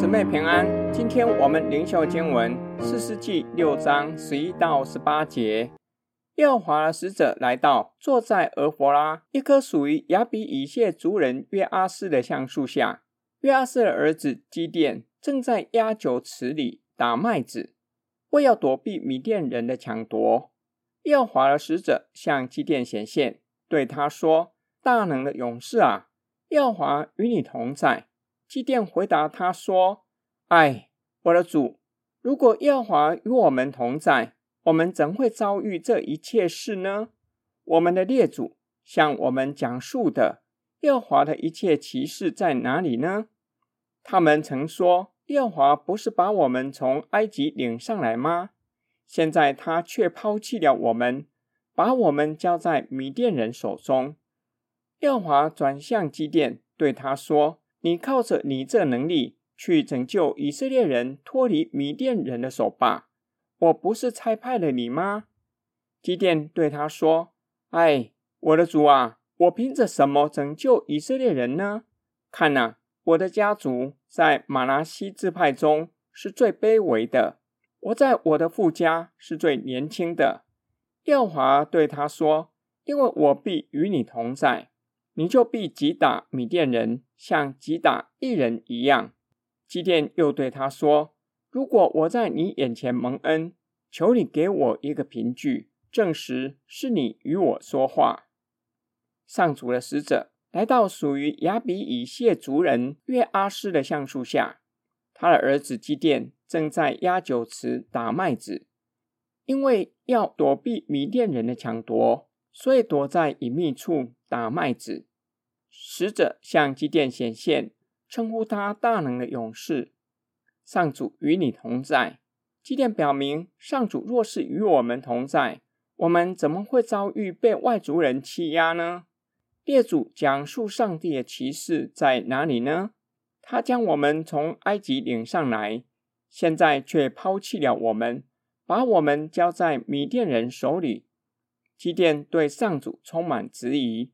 姊妹平安，今天我們靈修經文士師記六章十一到十八節。耶和華的使者來到，坐在俄弗拉一棵屬於亞比以謝族人約阿施的橡樹下。約阿施的兒子基甸正在壓酒池裡打麥子，為要躲避米甸人的搶奪。耶和華的使者向基甸顯現，對他說：“大能的勇士啊，耶和華與你同在。”基甸回答他說：“哎，我的主，如果耶和華與我們同在，我們怎會遭遇這一切事呢？我們的列祖向我們講述的，耶和華的一切奇事在哪裡呢？他們曾說，耶和華不是把我們從埃及領上來嗎？現在他卻拋棄了我們，把我們交在米甸人手中。”耶和華轉向基甸，對他說。你靠着你這能力去拯救以色列人脫離米甸人的手吧。我不是差派了你嗎？基甸對他說：“哎，我的主啊，我憑着什麼拯救以色列人呢？看哪、啊，我的家族在瑪拿西支派中是最卑微的，我在我的父家是最年輕的。”耶和華對他說：“因為我必與你同在。”你就必擊打米甸人，像擊打一人一樣。基甸又對他說：“如果我在你眼前蒙恩，求你給我一個憑據，證實是你與我說話。上主的使者”上主的使者來到屬於亞比以謝族人約阿施的橡樹下，他的兒子基甸正在壓酒池打麥子，因為要躲避米甸人的搶奪，所以躲在隱秘處。打麥子，使者向基甸顯現，稱呼他大能的勇士。上主與你同在。基甸表明，上主若是與我們同在，我們怎麼會遭遇被外族人欺壓呢？列祖講述上帝的奇事在哪裡呢？他將我們從埃及領上來，現在卻拋棄了我們，把我們交在米甸人手裡。基甸對上主充滿質疑。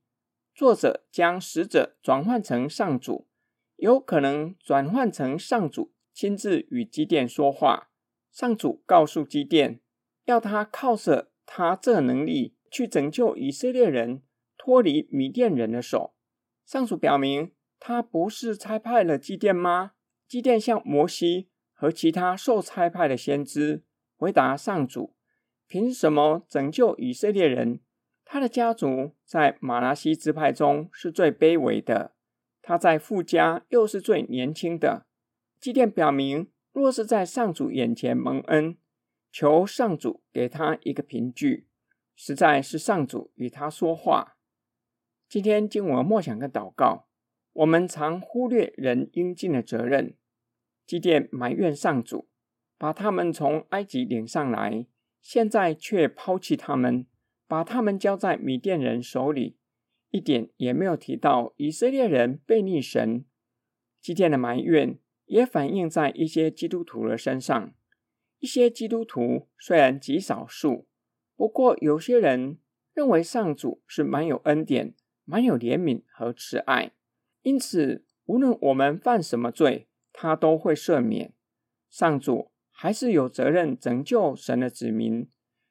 作者將使者轉換成上主，有可能轉換成上主親自與基甸說話。上主告訴基甸要他靠着他這能力去拯救以色列人脫離米甸人的手。上主表明，他不是差派了基甸嗎？基甸像摩西和其他受差派的先知回答上主：“憑什麼拯救以色列人？”他的家族在瑪拿西支派中是最卑微的，他在父家又是最年輕的。基甸表明，若是在上主眼前蒙恩，求上主給他一個憑據，實在是上主與他說話。今天經文默想跟禱告，我們常忽略人應盡的責任。基甸埋怨上主，把他們從埃及領上來，現在卻拋棄他們。把他們交在米甸人手裡，一點也沒有提到以色列人悖逆神。基甸的埋怨，也反映在一些基督徒的身上。一些基督徒雖然極少數，不過有些人認為上主是滿有恩典、滿有憐憫和慈愛，因此無論我們犯什麼罪，他都會赦免。上主還是有責任拯救神的子民。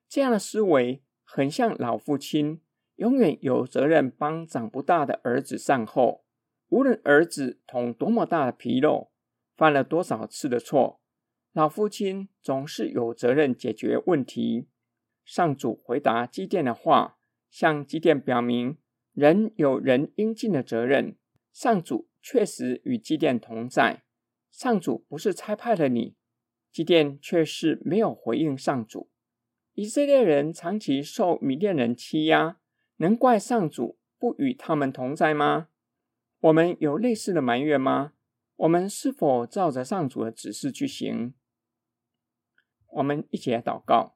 這樣的思維，很像老父親，永遠有責任幫長不大的兒子善後。無論兒子捅多麼大的紕漏，犯了多少次的錯，老父親總是有責任解決問題。上主回答基甸的話，向基甸表明人有人應盡的責任。上主確實與基甸同在，上主不是差派了你，基甸卻是沒有回應上主。以色列人長期受米甸人欺壓，能怪上主不與他們同在嗎？我們有類似的埋怨嗎？我們是否照着上主的指示去行？我們一起來禱告，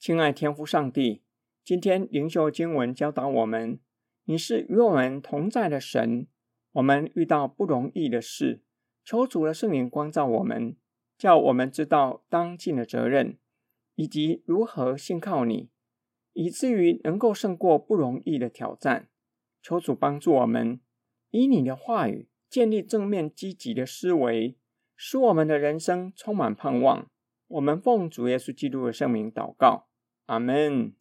親愛天父上帝，今天靈修經文教導我們，你是與我們同在的神。我們遇到不容易的事，求主的聖靈光照我們，叫我們知道當盡的責任。以及如何信靠你，以至於能夠勝過不容易的挑戰。求主幫助我們，以你的話語建立正面積極的思維，使我們的人生充滿盼望。我們奉主耶穌基督的聖名禱告，阿門。